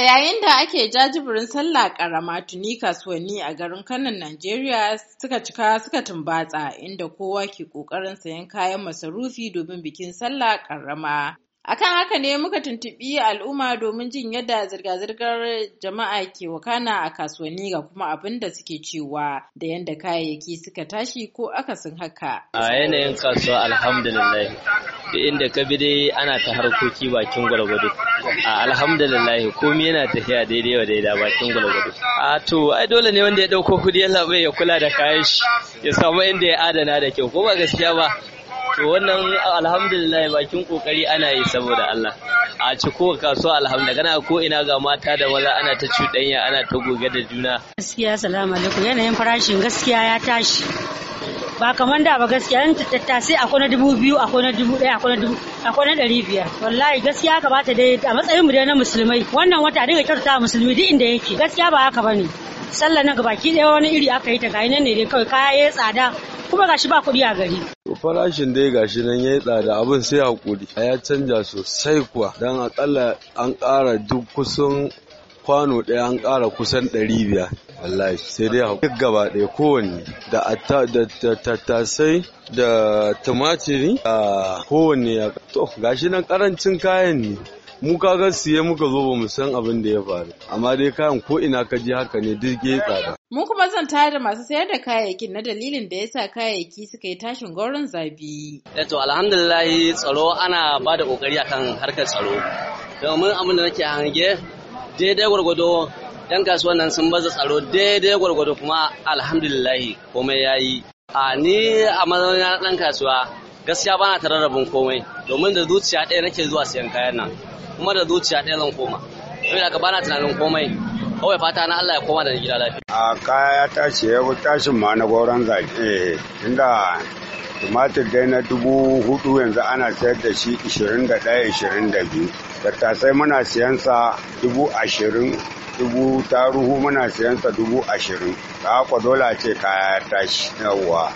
A yayin da ake jajibirin sallah ƙarama tuni kasuwanni a garin kanan Najeriya suka cika suka tumbatsa inda kowa ke ƙoƙarin sayan kayan masarufi domin bikin sallah ƙarama. Akan haka ne muka tuntuɓi al'umma domin jin yadda zirga-zirgar jama'a ke wakana a kasuwanni ga kuma abin da suke cewa da yadda kayayyaki suka tashi ko akasin haka. A yanayin kasuwa alhamdulillah duk inda ka bi dai ana ta harkoki bakin gwargwado. A alhamdulillah komai yana tafiya daidai wa daidai bakin gwargwado. A to ai dole ne wanda ya ɗauko kuɗi ya ya kula da kayan shi ya samu inda ya adana da kyau ko ba gaskiya ba to wannan alhamdulillah bakin kokari ana yi saboda Allah a ci ko kasuwa alhamdulillah kana ko ina ga mata da maza ana ta cuɗanya ana ta goge da juna gaskiya salamu alaikum yanayin farashin gaskiya ya tashi ba kamar da ba gaskiya yan sai akwai na dubu biyu akwai na dubu ɗaya akwai na ɗari biyar wallahi gaskiya bata dai a matsayin mu dai na musulmai wannan wata dinga kyautata musulmi duk inda yake gaskiya ba haka bane sallah na gabaki dai wani iri aka yi ta ga nan ne dai kawai kaya ya tsada kuma gashi ba kuɗi a gari to farashin dai gashi nan yi tsada abin sai hakuri ya canja sosai kuwa dan akalla an ƙara duk kusan kwano ɗaya an ƙara kusan ɗari biyar wallahi sai dai hakuri. duk gaba ɗaya kowanne da tattasai da tumatiri a kowanne ya to gashi nan ƙarancin kayan ne mu ga siye muka zo ba mu san abin da ya faru amma dai kayan ko ina ka ji haka ne duk ya tsada mun kuma zan tare da masu sayar da kayayyakin na dalilin da ya sa kayayyaki suka yi tashin gwauron zabi eh to alhamdulillah tsaro ana ba da kokari akan harkar tsaro domin abin da nake hange daidai gwargwado yan kasuwan nan sun baza tsaro daidai gwargwado kuma alhamdulillah komai yayi a ni a mazauna ɗan kasuwa gaskiya bana tare rabin komai domin da zuciya ɗaya nake zuwa siyan kayan nan kuma da zuciya ɗaya zan koma saboda ka bana tunanin komai kawai fata na Allah ya koma da gida lafiya a kaya ya tashi ya tashin ma na gauran zaki inda eh, tumatir dai na dubu hudu yanzu ana sayar da shi da ɗaya da biyu tattasai muna siyan sa dubu ashirin dubu taruhu muna siyan sa dubu ashirin ta haka dole ce kaya ya tashi yawwa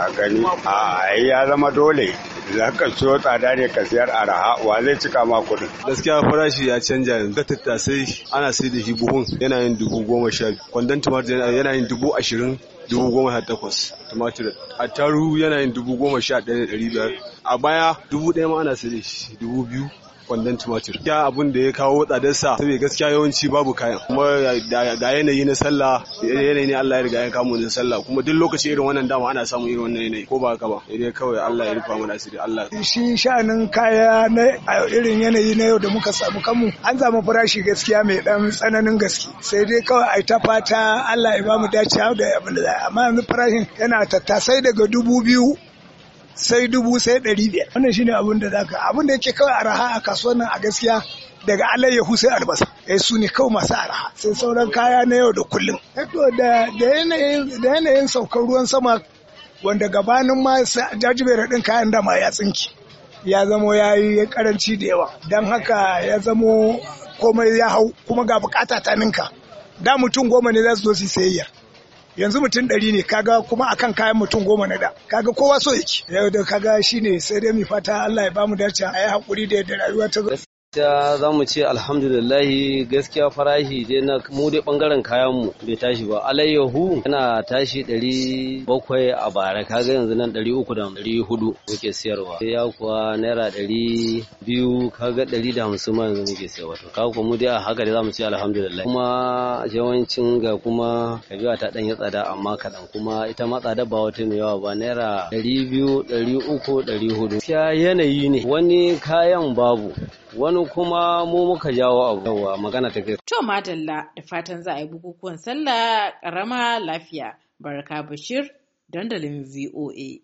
a gani a ya zama dole idan ka ciyo tsada ne ka siyar araha wa zai cika ma kuɗin. gaskiya farashi ya canja yanzu ka tattasai ana sai da shi buhun yana yin dubu goma sha kwandon tumatir yana yin dubu ashirin dubu goma sha takwas tumatir A taru yana yin dubu goma sha ɗaya da ɗari biyar a baya dubu ɗaya ma ana sai da shi dubu biyu kwandon tumatir ya abun da ya kawo tsadarsa saboda gaskiya yawanci babu kayan kuma ga yanayi na sallah yanayi ne Allah ya riga ya kamo ni sallah kuma duk lokaci irin wannan dama ana samun irin wannan yanayi ko ba haka ba idan kawai Allah ya rufa mana asiri Allah shi sha'anin kaya na irin yanayi na yau da muka samu kanmu an zama farashi gaskiya mai dan tsananin gaske sai dai kawai ai ta fata Allah ya ba mu dacewa da abin da amma farashin yana tattasai daga dubu biyu sai dubu sai ɗari biyar wannan shine abin da zaka abin da yake kawai araha a kasuwar nan a gaskiya daga alayyahu sai albasa eh su ne kawai masu araha sai sauran kaya na yau da kullum eh, da yanayin saukar ruwan sama wanda gabanin ma jajibere ɗin kayan da ma ya tsinki ya zamo ya yi karanci da yawa don haka ya zamo komai ya hau kuma ga bukata ta ninka da mutum goma ne za su zo su sayayya yanzu mutum ɗari ne kaga kuma akan kayan mutum goma na da kaga kowa so yake yau da kaga shine sai dai mu fata Allah ya bamu dace a yi hakuri da yadda rayuwa ta zo gaskiya za mu ce alhamdulillahi gaskiya farashi dai na mu dai bangaren kayan mu bai tashi ba alayyahu yana tashi ɗari bakwai a bara Ka ga yanzu nan ɗari uku da ɗari hudu muke siyarwa ya kuwa naira ɗari biyu ga ɗari da hamsin ma yanzu muke siyarwa to kaga kuma mu dai a haka dai za mu ce alhamdulillah kuma yawancin ga kuma kabiwa ta ɗan yi tsada amma kaɗan kuma ita ma tsada ba wata mai yawa ba naira ɗari biyu ɗari uku ɗari hudu gaskiya yanayi ne wani kayan babu wani kuma mu muka jawo abu yawa magana ta kai. To madalla da fatan za a yi bukukuwan sallah karama lafiya. baraka Bashir dandalin VOA.